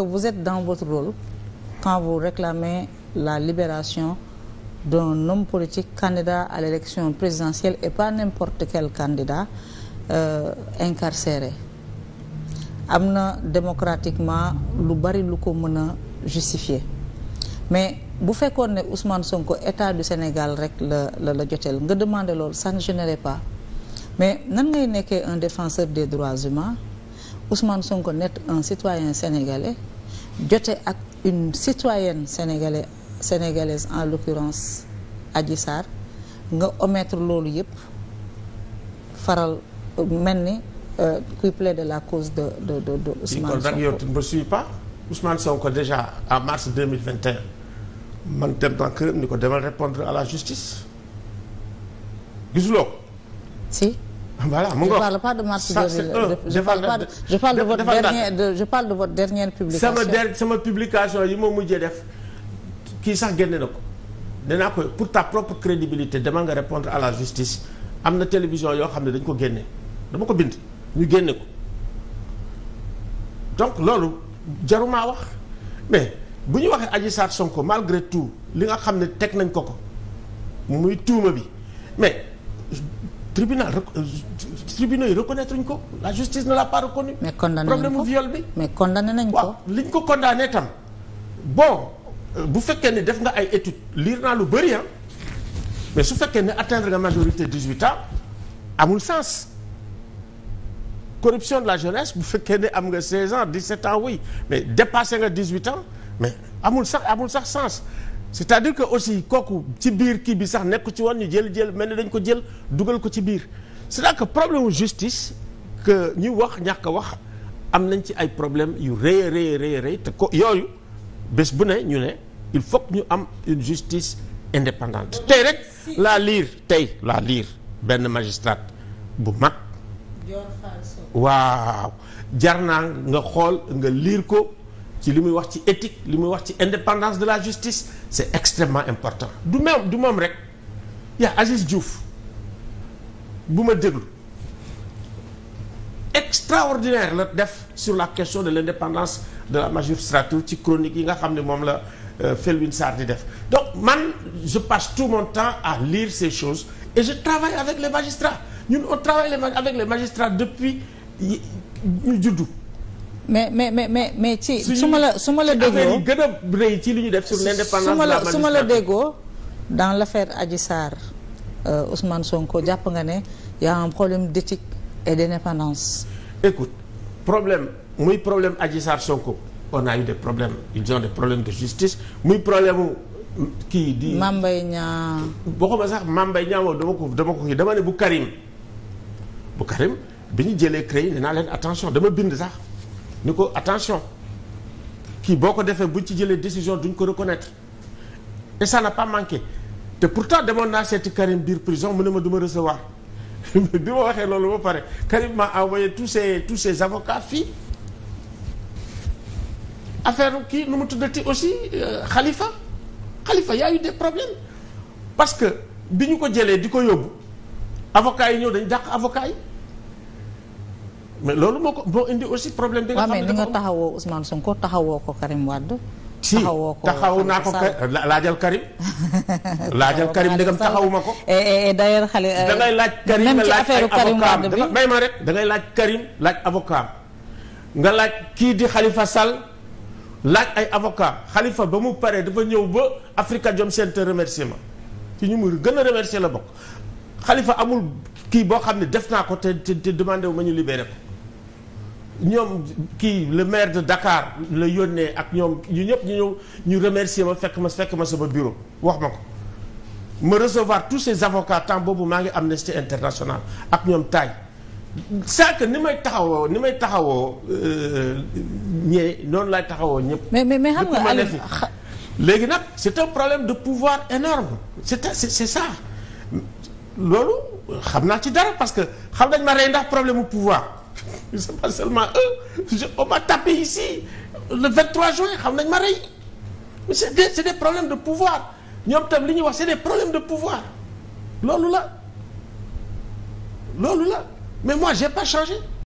que vous êtes dans votre rôle quand vous réclamez la libération d'un homme politique candidat à l'élection présidentielle et pas n'importe quel candidat euh, incarcéré am na démocratiquement lu bari lu ko mën a justifier mais bu fekkoon ne Ousmane Sonko état du Sénégal rek la la la joteel nga demandé lool ça ne gênerait pas mais nan ngay nekkee un défenseur des droits humains Ousmane Sonko nekk un citoyen sénégalais jote ak une citoyenne sénégalaise sénégalaise en l'occurrence Adji Sarr nga ometre loolu yëpp faral mel ni euh, kuy plaider la cause de de de de Ousmane Sonko. yow tu ne me suis pas Sonko déjà en mars 2021 man dem naa këram ni ko demal répondre à la justice gisuloo ko. si. voilà mu ngoog je parle pas de mars 2000 je parle pas de je parle je sama der sama publication yi ma mujjee def kii sax génne na ko danaa ko pour ta propre crédibilité demal nga répondre à la justice am na télévision yoo xam ne dañ ko génne dama ko bind ñu génne ko donc loolu jarumaa wax mais bu ñu waxee Adji Sarr Sonko malgré tout li nga xam ne teg nañ ko ko muy tuuma bi mais. tribunal euh, tribunaux yi reconnaître ñu ko la justice ne l'a pas reconnu mais condamné problème mu viol bi mais condamné nañ ko waaw ñu ko condamné tam bon euh, bu fekkee ne def nga ay études liir naa lu bëri ah mais su fekkee ne atteindre nga majorité 18 ans amul sens corruption de la jeunesse bu fekkee ne am nga 16 ans 17 ans oui mais dépassé nga 18 ans mais amul sax amul sax sens c'est-à-dire que aussi kooku ci biir kii bi sax nekk ci woon ñu jël jël mel ni dañ ko jël dugal ko ci biir c'est-à-dire que problème justice que ñu wax ñàkk a wax am nañ ci ay problème yu rëy a rëy rëy te ko yooyu bés bu ne ñu ne il faut ñu am une justice indépendante tey rek laa liir tey laa liir benn magistrat bu mag waaw jar naa nga xool nga liir ko ci li muy wax ci éthique li muy wax ci indépendance de la justice c'est extrêmement important du même du moom rek yaa Aziz Diouf bu ma déglu extraordinaire la def sur la question de l'indépendance de la magistrature ci chronique yi nga xam ne moom la euh, Felwine Sarr di def donc man je passe tout mon temps à lire ces choses et je travaille avec le magistrats ñun on travaille avec les magistrats depuis ñu juddu mais mais mais mais ci. su ma la su ma la déggoo ci gën a rëy ci li ñu def sur l'indépendance de la magistrature su ma la déggoo dans l'affaire Adji Sarr euh, Ousmane Sonko jàpp nga ne y a un problème d'éthique et d'indépendance. écoute problème muy problème Adji Sarr Sonko on a eu des problèmes ils ont des problèmes de justice muy problème kii di. Mame Mbaye Niang. waxuma sax Mame Mbaye Niang dama ko dama ko kii dama ne bu Karim bu Karim bi ñu jëlee CREI dinaa leen attention dama bind sax. ni ko attention kii boo ko defee buñ ci jëlee décision duñ ko reconnaître et ça n'a pas manqué te pourtant demoon naa seeti Karim biir prison mu ne ma du ma recevoir bi ma waxee loolu ba pare Karim m'a envoyé tous ses tous ses avocats fii affaire kii nu mu tuddati aussi euh, Khalifa Khalifa y a eu des problèmes parce que bi ñu ko jëlee di ko yóbbu avocats yi ñëw dañ dàq avocats yi. mais loolu moo ko boo indi aussi problème bi nga xam ne mais ni nga taxawoo Ousmane Sonko taxawoo ko Karim Wade. si taxaw naa ko laajal Karim. laajal Karim ndegam taxawuma ko. et euh, laaj Karim même ci affaire Karim Wade bi ma rek da laaj Karim laaj avocat nga laaj kii di Khalifa sal laaj ay avocat Khalifa ba mu paree dafa ñëw ba Africa Jom Center ma ci ñu mu gën a remercier la bokk Khalifa amul kii boo xam ne def naa ko te te demandé wu ma ñu libéré ko. ñoom kii le maire de Dakar la yónnee ak ñoom ñu ñëpp ñu ñëw ñu remercier ma fekk ma fekk ma sama bureau wax ma ko ma recevoir tous ces avocats temps boobu maa ngi Amnesty International ak ñoom taay c'est que ni may taxawoo ni may taxawoo euh, ñee noonu laay taxawoo ñëpp. mais mais mais xam nga léegi nag c'est un problème de pouvoir énorme c'est c'est ça loolu xam naa ci dara parce que xam nañ ma rey ndax problème mu pouvoir. c'est pas seulement eux je on m'a tapé ici le 23 juin xam nañ ma rey mais c'est des c'est problèmes de pouvoir ñoom tam li ñuy wax c'est des problèmes de pouvoir loolu la mais moi j'ai pas changé